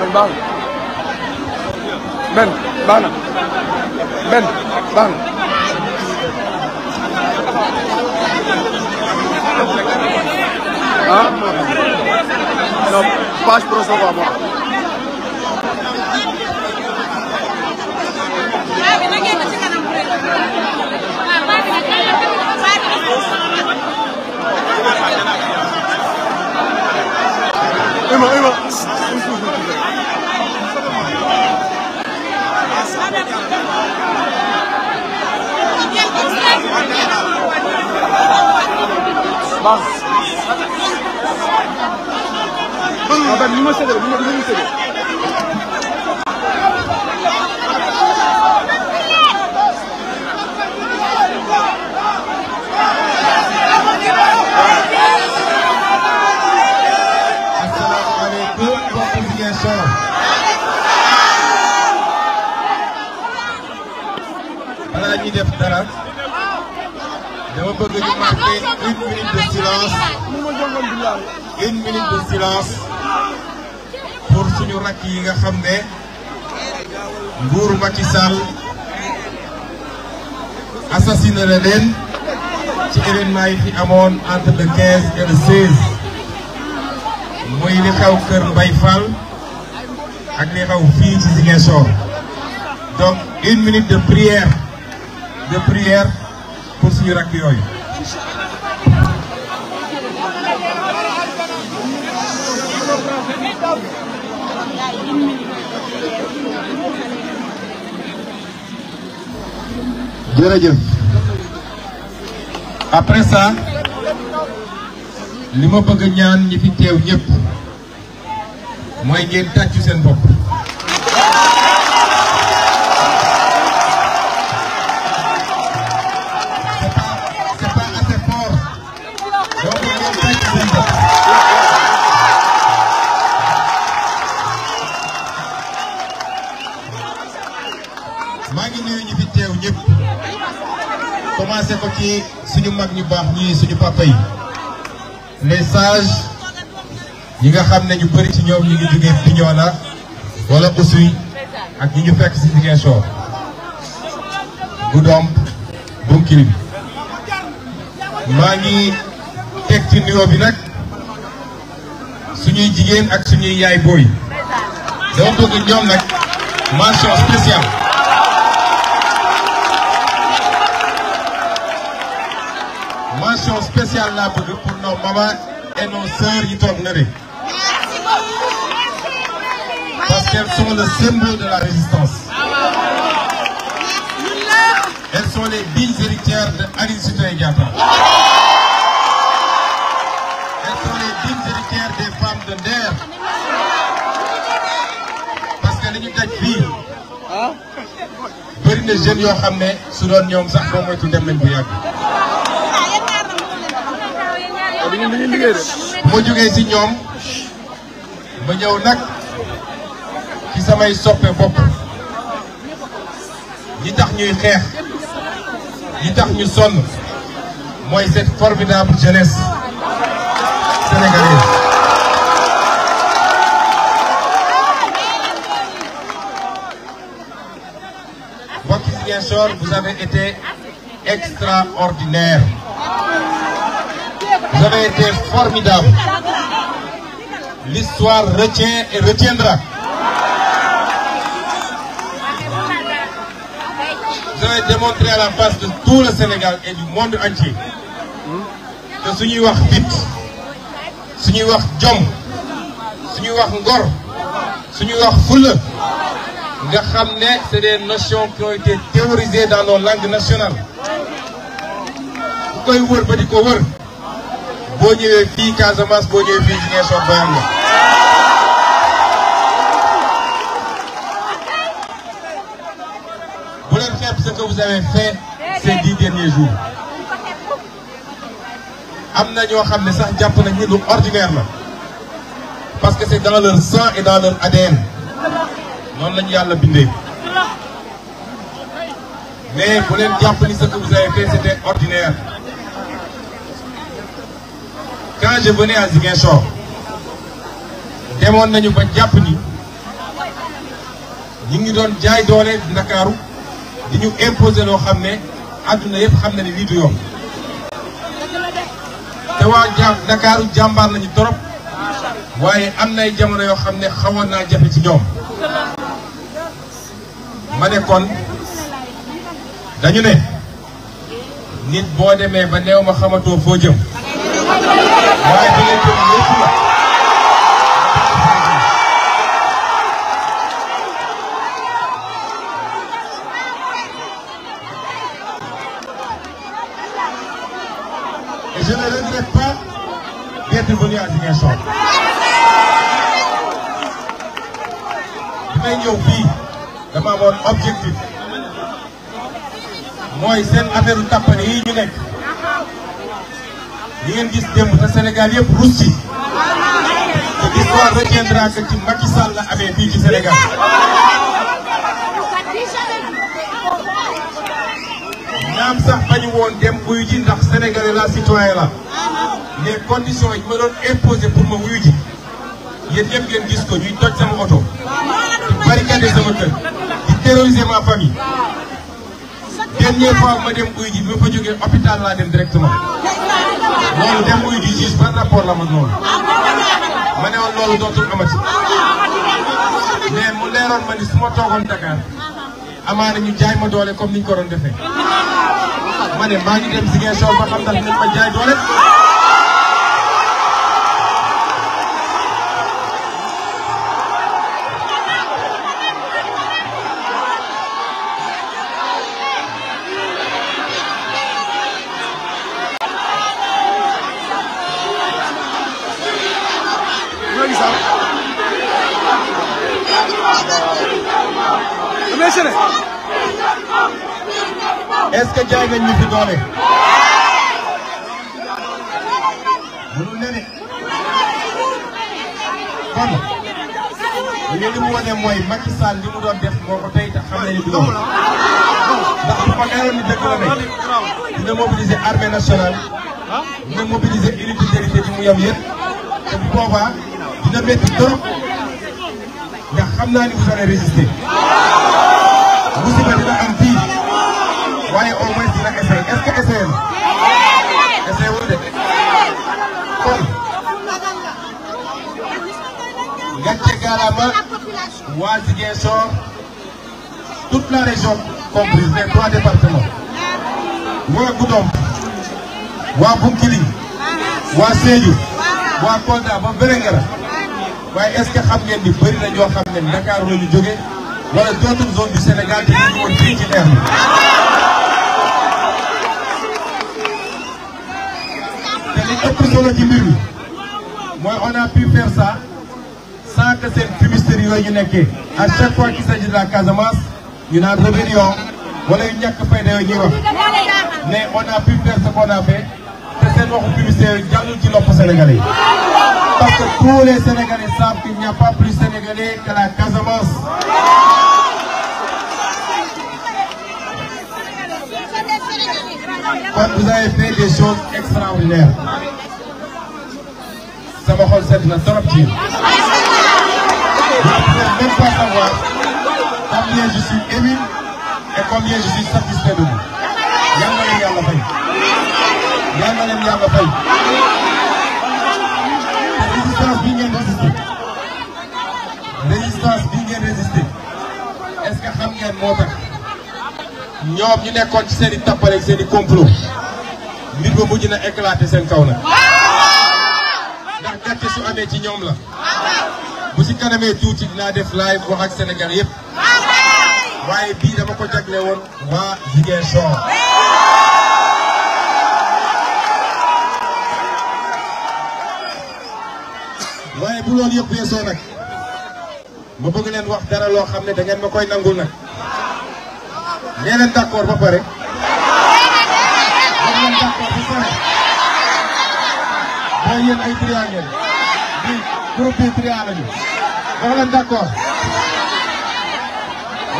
benn baax na benn baax na benn baax na ah non page pro sa quoi moo Immer, immer. Bas. Baba, bir masada, bir masada. def dara dama bëgg ñu marqué une minute de silence pour suñu rakk yi nga xam ne nguuru Macky Sall assassiné na leen ci événement fi amoon entre le 15 et le 16 muy li xew kër Mbaye Fall ak li xew fii ci Ziguinchor donc une minute de prière de pour suñu rakk yooyu. jërëjëf après ça li ma ñaan ñi fi teew ñëpp mooy ngeen tàccu seen bopp. ko suñu mag ñu baax ñii suñu papa yi les sages nga xam ne ñu bëri ci ñoom ñu ngi jógee Bignona wala Oussouye ak ñi ñu fekk si Ziguinchor Goudomp Bounkiling maa ngi teg ci nuyoo bi nag suñuy jigéen ak suñuy yaay booy dama bëgg ñoom nag mention spéciale mention parce qu'elles sont le symbole de la résistance elles sont les dignes héritières de Aline Sitoé Diatta elles sont les dignes héritières des femmes de Nder parce que li ñu daj fii ah. bëri na jeunes yoo xam ne su doon ñoom sax boo moytu dem nañ bu yàgg ñun dañuy moo jógee ci ñoom ba ñëw nag ci samay soppe bopp ñi tax ñuy xeex ñi tax ñu sonn mooy cette formidable jeunesse sénégalaise. mbokk yi Ziguinchor vous avez été extraordinaire. Vous avez été formidable. L'histoire retient et retiendra. Vous à la face de tout le Sénégal et du monde entier que su wax fit su ñuy wax jom su wax ngor su ñuy wax fulla nga xam ne c'est des notions qui été théorisées dans nos langues nationales ku koy wër ba di ko wër. boo ñëwee fii Casamance boo ñëwee fii Ziguinchor doyam la bu leen xeeb ce que vous avez fait ces dix derniers am na ñoo xam ne sax jàpp nañ ni lu ordinaire la parce que c'est dans leur sang et dans leur ADN noonu la ñu yàlla bindee mais bu leen jàpp ni ce que vous ordinaire quand je venais à Ziguinchor demoon nañu ba jàpp ni ñu ngi doon jaay doole Ndakaaru di ñu imposé loo xam ne àdduna yëpp xam na ne lii yoon te waa ja Ndakaaru jàmbaar nañu torop waaye am nay jamono yoo xam ne xamoon naa jafe ci ñoom ma ne dañu ne nit boo demee ba neew ma xamatoo foo jëm waaye da ngay jëm lépp la. et je ne regrette pas d'être venu à Ziguinchor. damay ñëw fii dama amoon objectif mooy seen affaire tappane yi ñu nekk. li gis démb te yëpp rus ci te l'histoire retiendra que ci Macky Sall la amee fii ci Sénégal. naam sax bañu woon dem wuyu ji ndax sénégalais la citoyen la mais conditions yi ma doon imposé pour ma wuyu ji yéen ñëpp ngeen gis ko toj sama oto di barricade sama kër di terroriser ma famille. dernière fois ma dem wuyu ji bi ma fa jógee hôpital laa dem directement. loolu dem wuy di gis par rapport la ma noonu ma ne woon loolu dootul amati mais mu leeroon ma ni su ma toogoon Dakar amaana ñu jaay ma doole comme niñ ko doon defee ma ne maa ngi dem Ziguinchor ba xam ndax dinañ ma jaay doole. jaay nañ ñu fi doole. mënul ne de. kon. li mu wane mooy Macky Sall li mu doon def moo ko tey te xam nañu du ndax bu ko neexoon ni dëkk la ne dina mobiliser armée nationale. dina mobiliser unité sécurité bi mu yem yëpp. te bu boobaa dina métti trop. ndax xam naa ni bu doon résister. musiba dina essayé waa Ziguinchor la région comprise les trois départements. waa Goudomp. waa Bounkiling. waa waaye est-ce que xam ngeen ni bëri na xam ne Dakar la jóge wala dootul zone Sénégal te ñu ngi woon ci leer li ëpp solo ci mbir mi mooy on a pu faire ça sans que seen fumisterie yooyu nekkee à chaque fois qu'il s'agit de la Casamance ñu naan rébellion wala yu ñàkk fayda yooyu ñuy mais on a pu faire ce qu'on te seen waxu publicité yi jàllul lopp Sénégalais yi parce que tous les Sénégalais plus Sénégalais que la Casamance kon vous avez fait des choses extraordinaires. sama xol sedd na trop ci. vous ne pouvez même pas savoir combien je suis ému et combien je suis satisfait de vous. yal na leen yàlla fay. yal na leen yàlla fay. résistance bi ngeen résister. résistance bi ngeen résister. est-ce que xam ngeen moo tax. ñoom ñu nekkoon ci seeni i seeni ak seen i complot mbir ba mujj na seen kaw na ndax gàcce su amee ci ñoom la bu si kanamee tuuti dinaa def live wax ak senegal yépp waaye bii dama ko jagle woon waa Ziguinchor waaye bu loolu yëpp weesoo nag ma bëgg leen wax dara loo xam ne da ngeen ma koy nangul nag nee leen d'accord ba pare. nee leen d'accord ba ay triant ngeen. bii groupe bi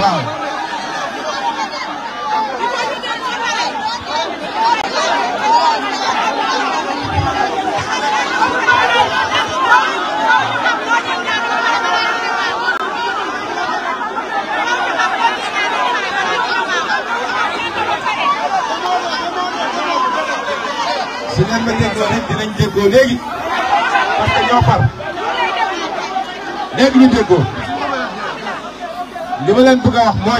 waaw. nañ ma déggoo rek dinañ déggoo léegi parce que ñoo far léegi ñu déggoo li ma leen bëgg a wax mooy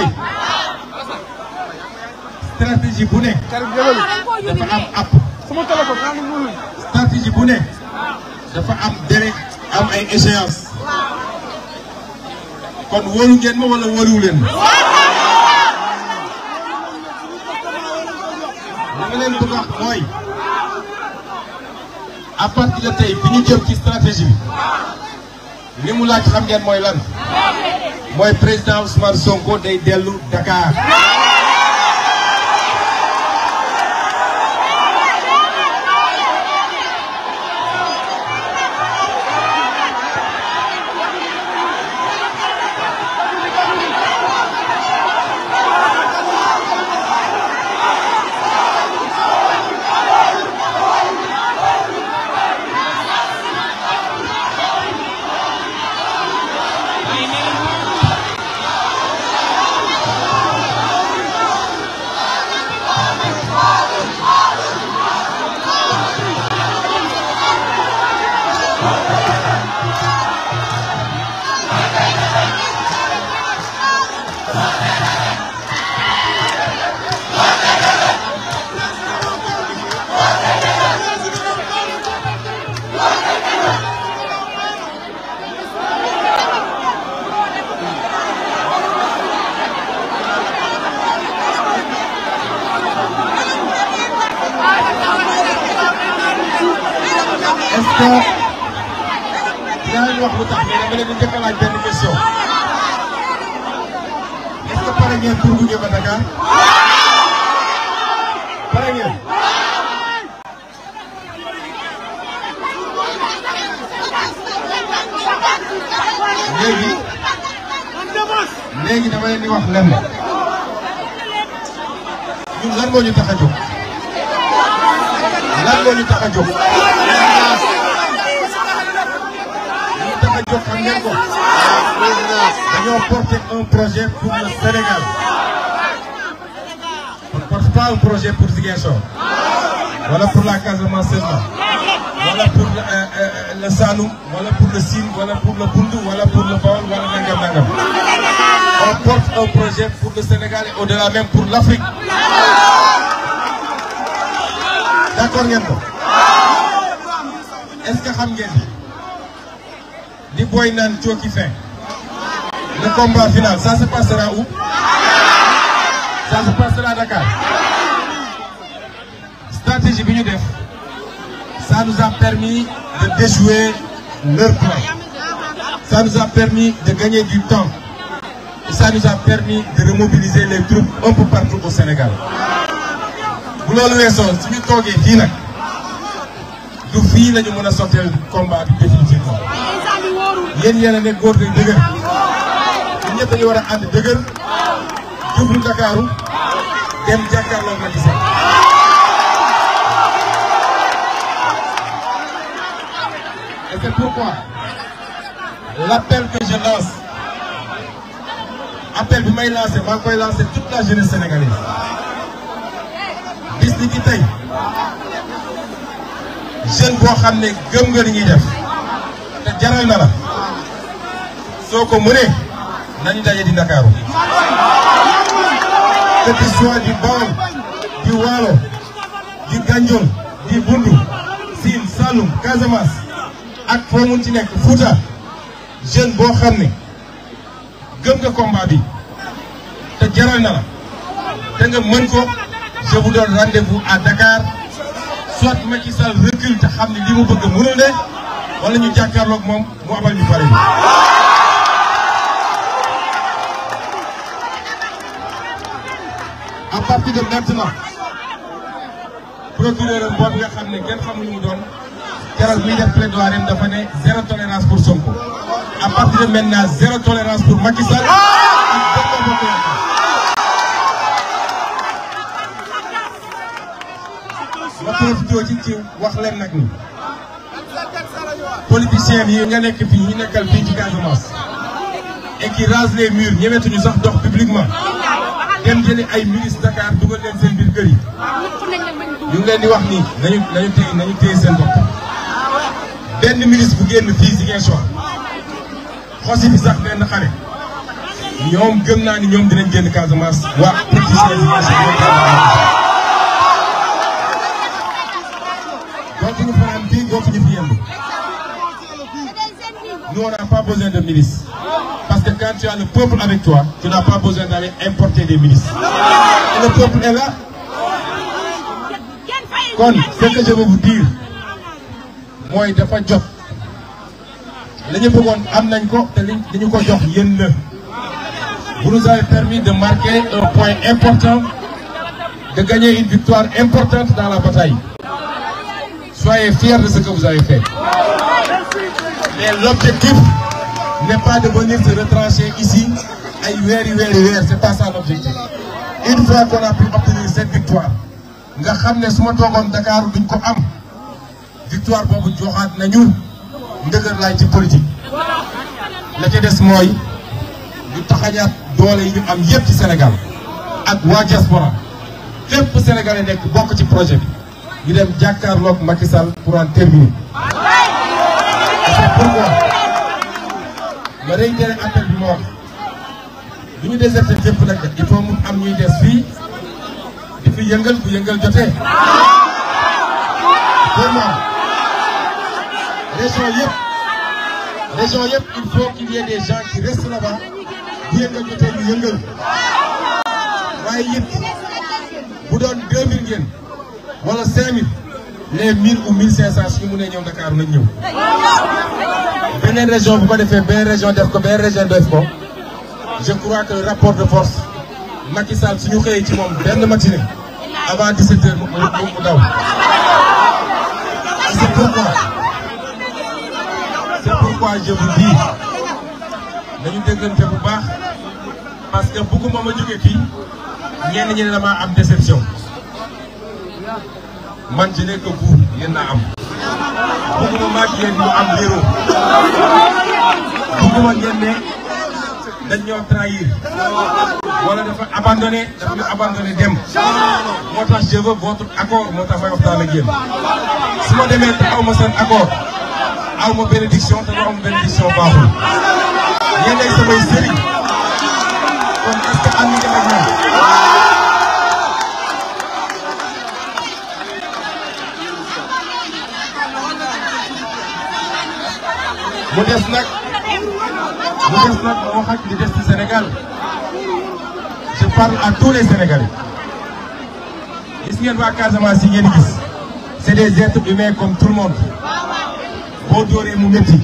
stratégie bu ne dafa am app stratégie bu ne dafa am délai am ay échéance kon wóolu ngeen ma wala wóoluwu leen ma li ma leen bëgg a wax mooy à partir de tey bi ñu jëm ci stratégi bi li mu laaj xam ngeen mooy lan mooy président Ousmane Sonko day dellu Dakar. pour bu ñëw léegi. léegi dama leen wax lenn. ñun lan moo ñu tax a jóg. lan moo ñu tax dañoo porté un projet pour le Sénégal on ne porte pas projet pour Ziguinchor wala pour la Casamance seulement wala pour le euh, euh, euh, Saloum wala pour le Sine wala pour le Bundu wala pour le Baol wala nangam nangam on porte un projet pour le Sénégal et au-delà même pour l'Afrique d'accord ngeen est-ce que xam ngeen ni booy naan cooki fin le combat final ça se passera où ça se passera à Dakar stratégie bi ñu def ça nous a permis de déjouer leur plan ça nous a permis de gagner du temps et ça nous a permis de remobiliser les troupes un partout au Sénégal bu loolu weesoo suñu toogee fii du fii la mën a sotteel combat bi définitivement yéen a ne góor de dëgër ñëpp dañu war a ànd dëgër jublu Ndakaaru dem jàkkaarloo Macky Sall et pourquoi l'appel que je lance appel bi may lancé maa ngi koy lancé toute la jeunesse sénégalaise bis ni tey jeune boo xam ne gëm nga li ñuy def te jaral la soo ko mënee nañu daje di Ndakaaru que tu sois di Bawol di Waalo di Ganjol di Bundu Siin Saalum Casamance ak foo mun ci nekk Fuuta jeune boo xam ne gëm nga combat bi te jaral na la te nga mën ko je vous donne à Dakar soit Macky Sall recule te xam ne li mu bëgg mënul de wala ñu jàkkaarloog moom mu abal ñu pare à partir de maintenant procureur boobu nga xam ne kenn xamul doon keroog mi def plaidoirie am dafa ne zéro tolérance pour Sonko à partir de maintenant zéro tolérance pour Macky wax leen nag yi nga nekk fii ñu nekkal fii ci Casamance et qui rasent les murs ñemetuñu sax dox publiquement ngeen jëli ay ministre Dakar dugal leen seen biir kër yi. ñu ngi leen di wax nii nañu nañu téye nañu téye seen bopp. benn ministre bu génn fii Ziguinchor xosi fi sax benn xale. ñoom gëm naa ni ñoom dinañ génn Casamance waa politicien Ziguinchor. dootuñu fanaan fii dootuñu fi yemb. nous on n'a pas besoin de ministre. Parce que quand tu as le peuple avec toi, tu n'as pas besoin d'aller importer des ministres. Et le peuple est kon ce que je veux mooy dafa jot la ñu bëggoon am nañ ko te dañu ko jox yéen la vous important de gagner une victoire importante dans la bataille soyez fiers de ce que vous avez fait mais l'objectif n'est pas de venir se retrancher ay weer yi weer yi weer c'est pas ça l'objectif une fois qu'on victoire nga xam ne su ma toogoon Dakar duñ ko am victoire boobu joxaat nañu ndëgër laay ci politique la ca des mooy ñu taxañaat doole yi ñu am yépp ci Sénégal ak waa diaspora fépp Sénégalais nekk bokk ci projet bi ñu dem jàkkaarloog Macky Sall pour en terminer. c'est réitéré appel bi ma wax du ñu déserté ñëpp nag il faut mu am ñuy des fii di fi yëngal bu yëngal jotee. vraiment région yëpp région yëpp il faut qu'il y ait des gens qui restent là-bas bu jotee ñu yëngal waaye it bu doon 2000 ngeen wala 5000. les mille ou mille cinq cent su ñu mënee ñëw Dakar nañ ñëw. beneen région bu ko defee beneen région def ko beneen région def ko je crois que rapport de force Macky Sall su ñu xëyee ci moom benn matinée avant 17 heures mu mu daw. c'est pourquoi c'est pourquoi je vous dis nañu déggante bu baax parce que bëgguma ma jógee fii ñenn ñi ne damaa am déception. man je n'ai que vous yéen laa am. bëgguma ma ak yéen ñu am réeróo. bëgguma ngeen ne dañ ñoo trahir. wala dafa abandonné dafa ñu abandonné dem. moo tax je veux votre accord moo tax may waxtaan ak yéen. su ma demee te aw ma seen accord. aw ma bénédiction te lu am bénédiction baaxul. yéen ay samay sëriñ. kon est-ce am nañu ak mu des nag mu des nag ma wax ak des ci Sénégal je parle à tous les Sénégalais gis ngeen waa Casamance yi ngeen gis c'est des êtres humains comme tout le monde boo dóoree mu métti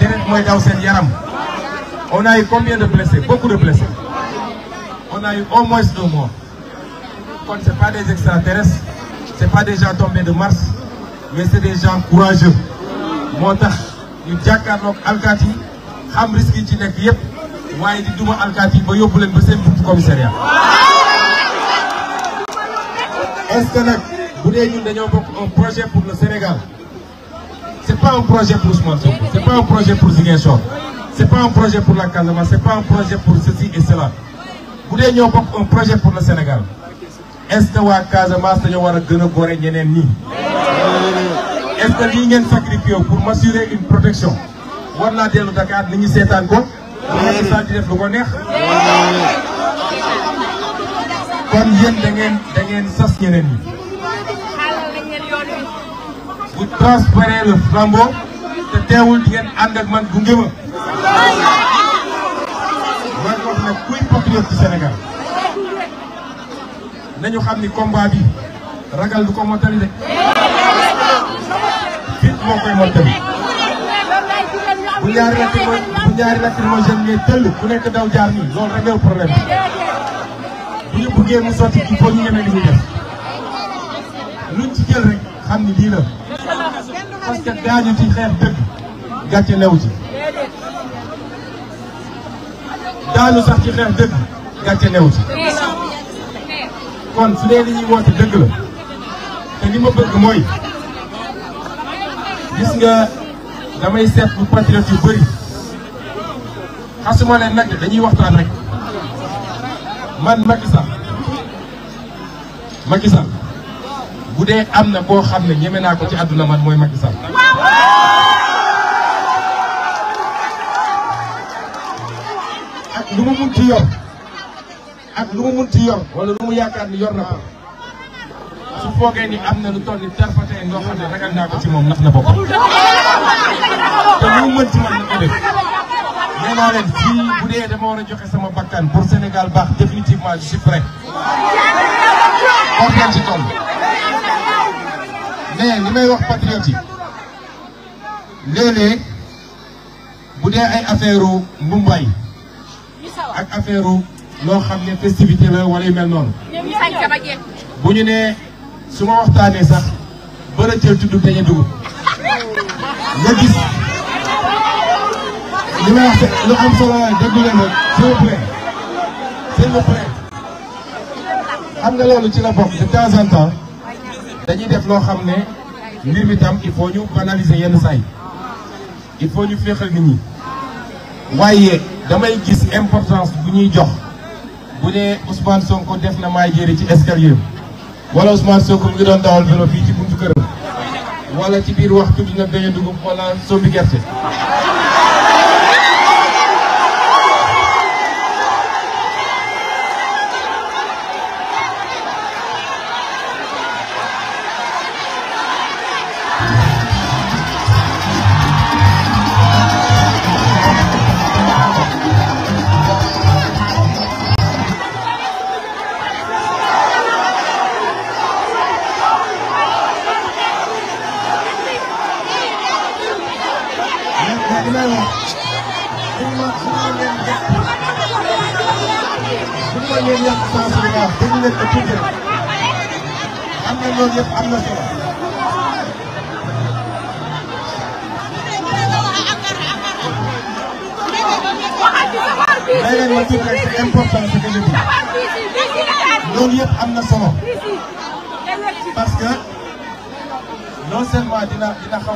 deret mooy daw seen yaram on a eu combien de blessés beaucoup de blessés on a au moins deux morts kon c'est pas des extraterrestres c'est pas des gens tombés de Mars mais c'est des gens courageux moo tax ñu jàkkaarloog alkaati yi xam risque yi ci nekk yépp waaye di duma alkaati ba yóbbu leen ba seen buntu commissariat. est que nag bu dee ñun dañoo bokk un projet pour le Sénégal c'est pas un projet pour Ousmane projet pour Ziguinchor un projet pour la Casamance c'est pas un projet pour ceci et bu dee ñoo bokk un projet pour le Sénégal est-ce que waa Casamance dañoo war a gën a gore ñeneen ñi. est-ce lii ngeen sacrifié pour m'assurer une protection war naa dellu Dakar ni seetaan ko. Macky Sall di def lu ko neex. kon yéen da ngeen da ngeen sas ñeneen ñi. bu transféré le te teewul di ànd ak man gunge ma. man kuy patriote ci Sénégal nañu xam ni combat bi ragal du ko motali de. moo koy mottali bu ñaari lacrymogène bu ngay tëll ku nekk daw jaar nii loolu rek yow problème bu ñu buggee mu sotti il faut ñu ñeme li ñuy def luñ ci jël rek xam ni lii la parce gaañu ci xeex dëgg gàcce new ci daanu sax ci xeex dëgg gàcce new ci kon su dee li ñuy woote dëgg la te li ma bëgg mooy gis nga damay seet bu patriote yu bëri xasuma nag dañuy waxtaan rek man Macky Sall Macky Sall bu dee am na koo xam ne ñeme naa ko ci àdduna man mooy Macky Sall ak lu mu munti yor ak lu mu munti yor wala lu mu yaakaar ni yor na ko su foogee ni am na lu toll ni tarfatee loo xam ne ragal naa ko ci moom ndax na boppam te lu mën bu dee dama war a joxe sama bakkan pour Sénégal baax définitivement je ci toll mais may bu dee ay affaire u ak affaire loo xam ne festivité la wala yu mel noonu bu ñu nee suma ma waxtaanee sax bëri cër tudd peñe dugub nga gis lu am solo la déglu leen rek s'il vous plaît s'il xam nga loolu ci la bokk de temps en temps dañuy def loo xam ne mbir mi tam il faut ñu banaliser yenn say il faut ñu féexal nit ñi waaye damay gis importance bu ñuy jox bu dee Ousmane Sonko def na maay jëri ci escalier wala Ousmane Sonko mu ngi doon dawal vélo fii ci buntu këram wala ci biir waxtu bi nga bañ a dugub wala sombi gerte. dañu leen ko loolu yëpp am na solo. may leen ma tuuti rek c'est important ce que je dis loolu yëpp am parce que non seulement dina dina xaw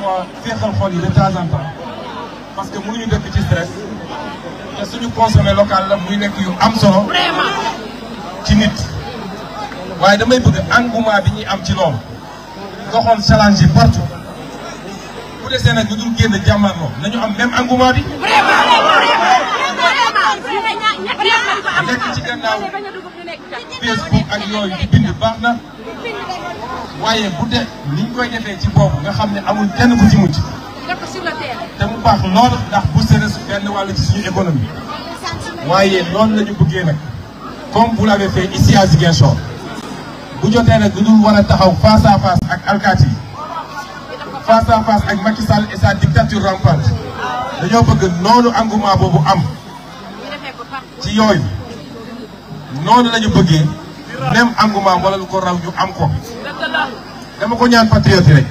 de temps en temps parce que mënuñu dëkk ci local la muy nekk yu am solo. ci nit waaye damay bëgg engouement bi ñuy am ci loolu doxoon challenge yi partout bu desee nag ñu dul génn jàmmarloo nañu am même engouement bi. nekk ci gannaaw Facebook ak yooyu di bind baax na waaye bu de ni koy defee ci boobu nga xam ne amul kenn ku ci mucc te mu baax lool ndax bu sere su benn wàll ci suñu économie waaye loolu la ñu nag. comme vous l'avez fait ici à Ziguinchor bu jotee nag dudul war a taxaw face à face ak alkaati yi face ak Macky Sall et sa dictature rampante dañoo bëgg noonu engouement boobu am ci yooyu noonu lañu bëggee même engouement wala lu ko raw ñu am ko dama ko ñaan patriote rek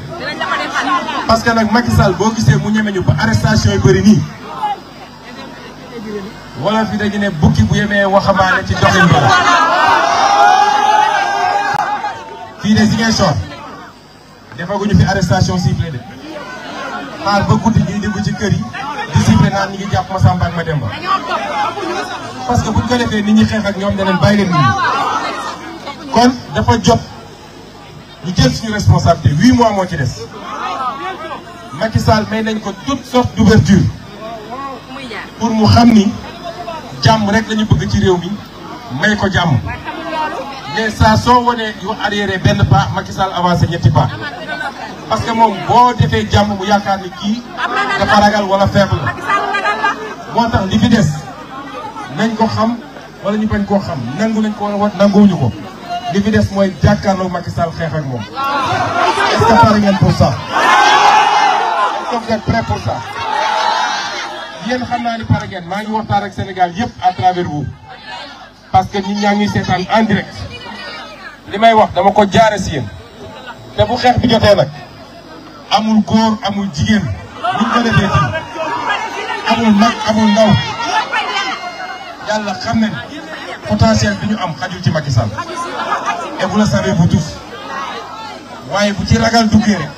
parce que nag Macky Sall boo gisee mu ñeme ñu ba arrestation yi bëri nii wolof yi dañu ne bukki bu yemee waxambaane ci doxin bi fii de Ziguinchor defaguñu fi arrestation sifflée de xaar ba guddi ñuy dugg ci kër yi di sifflé naan ngi jàpp ma Samba ma Demba parce que buñ ko defee nit ñi xeex ak ñoom danañ bàyyi leen nit kon dafa jot ñu jël suñu responsabilité huit mois moo ci des Macky Sall may nañ ko toute sorte d'ouverture pour mu xam ni. jàmm rek la ñu bëgg ci réew mi may ko jàmm mais saa soo wonee yu arrière benn pas Macky Sall avancé ñetti pas parce que moom boo defee jàmm bu yaakaar ni kii dafa ragal wala faible moo tax li fi des nañ ko xam wala ñu bañ koo xam nangu nañ ko wala nanguwuñu ko li fi des mooy jàkkaarloo Macky Sall xeex moom est-ce que pare ngeen pour ça yéen xam naa ni pare ngeen maa ngi waxtaan ak Sénégal yëpp à travers vous parce que nit ñaa ngi seetaan en direct li may wax dama ko jaare si te bu xeex bi jotee nag amul góor amul jigéen buñ ko defee amul mag amul ndaw yàlla xam ne potentiel bi ñu am xajul ci Macky Sall et vous le savez waaye bu ci ragal duggee rek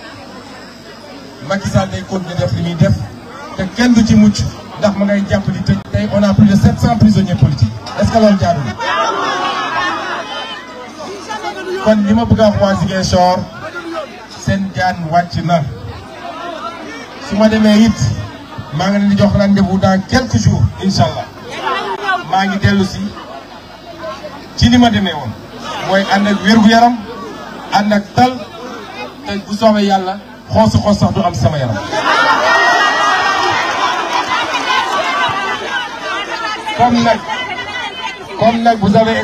Macky Sall day continuer li muy def. te kenn du ci mucc ndax ma ngay jàpp di tëj tey on a plus de 700 prisonniers politiques est-ce que loolu kon li ma bëgg a wax waa seen jaan wàcc na su ma demee it maa ngi leen di jox rendez bu dans quelques jours incha allah maa ngi dellu si ci lima ma demee woon mooy ànd ak yaram ànd tal te bu soobee yàlla xoosu xoos sax du am sama yaram comme nag comme nag vous avez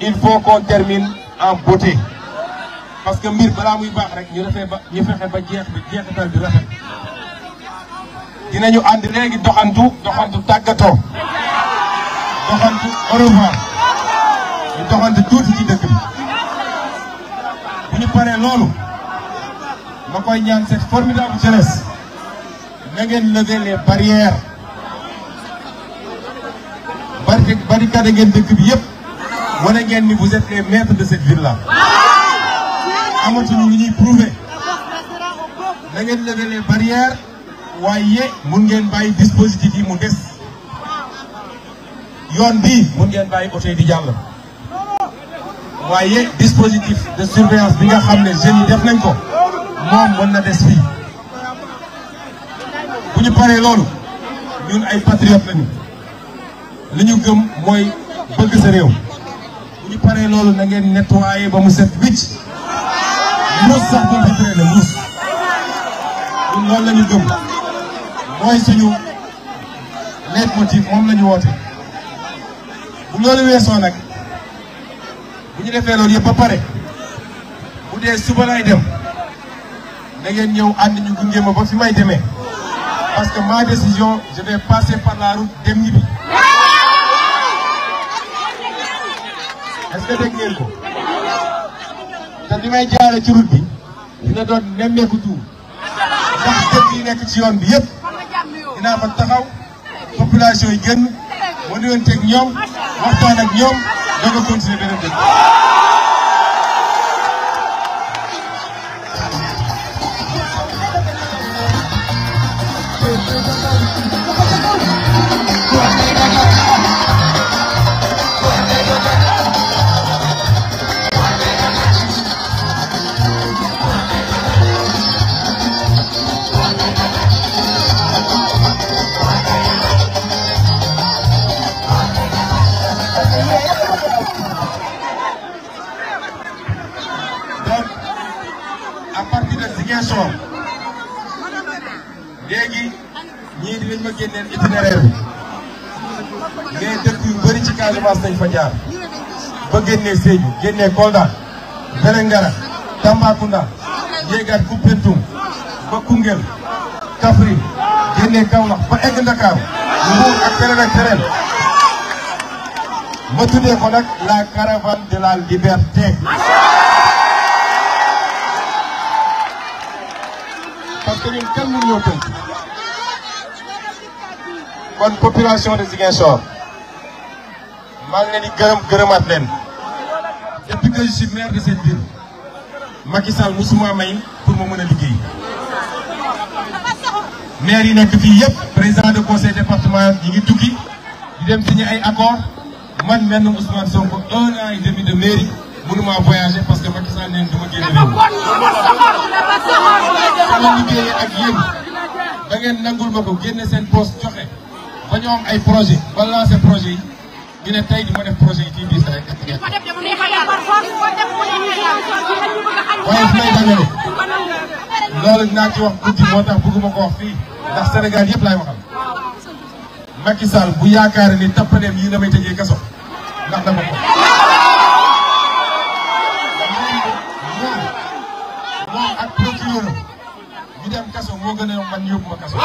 il faut qu'on termine en beauté parce que mbir balaa muy baax rek ñu defee ba ñu fexe ba jeex bi jeexital bi rafet dinañu ànd léegi doxantu doxantu tàggatoo doxantu au ñu doxantu tuuti ci dëkk bi ñu paree loolu ma koy ñaan cette formidable jeunesse na ngeen lever les barrières bari barricade ngeen dëkk bi yëpp wane ngeen ni vous êtes les maîtres de cette ville là. amatuñu lu ñuy prouver. na ngeen lever les barrières waaye mun ngeen bàyyi dispositif yi mu des. yoon bi mun ngeen bàyyi oto yi di jàll. waaye dispositif de surveillance bi nga xam ne jeunes yi def nañ ko moom mën na des fii bu ñu paree loolu ñun ay patriotes lañu. li ñu gëm mooy bëgg sa réew bu ñu paree loolu na ngeen nettoyé ba mu set wicc muus sax bu fi traîné muus ñun loolu la ñu gëm mooy suñu leitmotiv moom lañu ñu woote bu loolu weesoo nag bu ñu defee loolu yëpp ba pare bu dee suba lay dem na ngeen ñëw ànd ñu gunge ma ba fi may demee parce que ma décision je vais passer par la te dégg ngeen ko te li may jaare ci route bi dina doon nemmeeku tuur ndax dëkk yi nekk ci yoon bi yëpp dinaa fa taxaw population yi génn ma nuyoon teg ñoom waxtaan ak ñoom doog a continuer beneen dëkk leen ba génnee Sédhiou génnee Kolda Vélingara Tambacounda yéegaat Koumpentoum ba Koungheul Kaffrine génnee Kaolack ba egg Ndakaaru Mbour ak feneen ak feneen ma ko nag la caravane de la liberté parce que ñun kenn kon population de Ziguinchor maa ngi leen di gërëm gërëmaat leen. depuis que je maire de cette ville Macky Sall may pour ma mën a liggéey. maire yi nekk fii yëpp président de conseil départemental yi ngi tukki di dem signé ay accord man mel na Ousmane Sonko un an demi de mairie mënuma voyager parce que Macky neen du ma génn réew sama liggéeyee ak yéen da ngeen nangul ma ko génne seen poste joxe ba ñu am ay projet ba lancer projet yi ñu ne di ma def projet yi ci biir Sénégal. waaye fi may dajale loolu dinaa ci wax guddi moo tax bëgguma ko wax fii ndax Sénégal yëpp laay waxal. Macky bu yaakaar ni tappaneem yi damay tëjee kaso ndax dama ko. moom ak procureur ñu dem kaso moo gën a yomb man yóbbu ma kaso.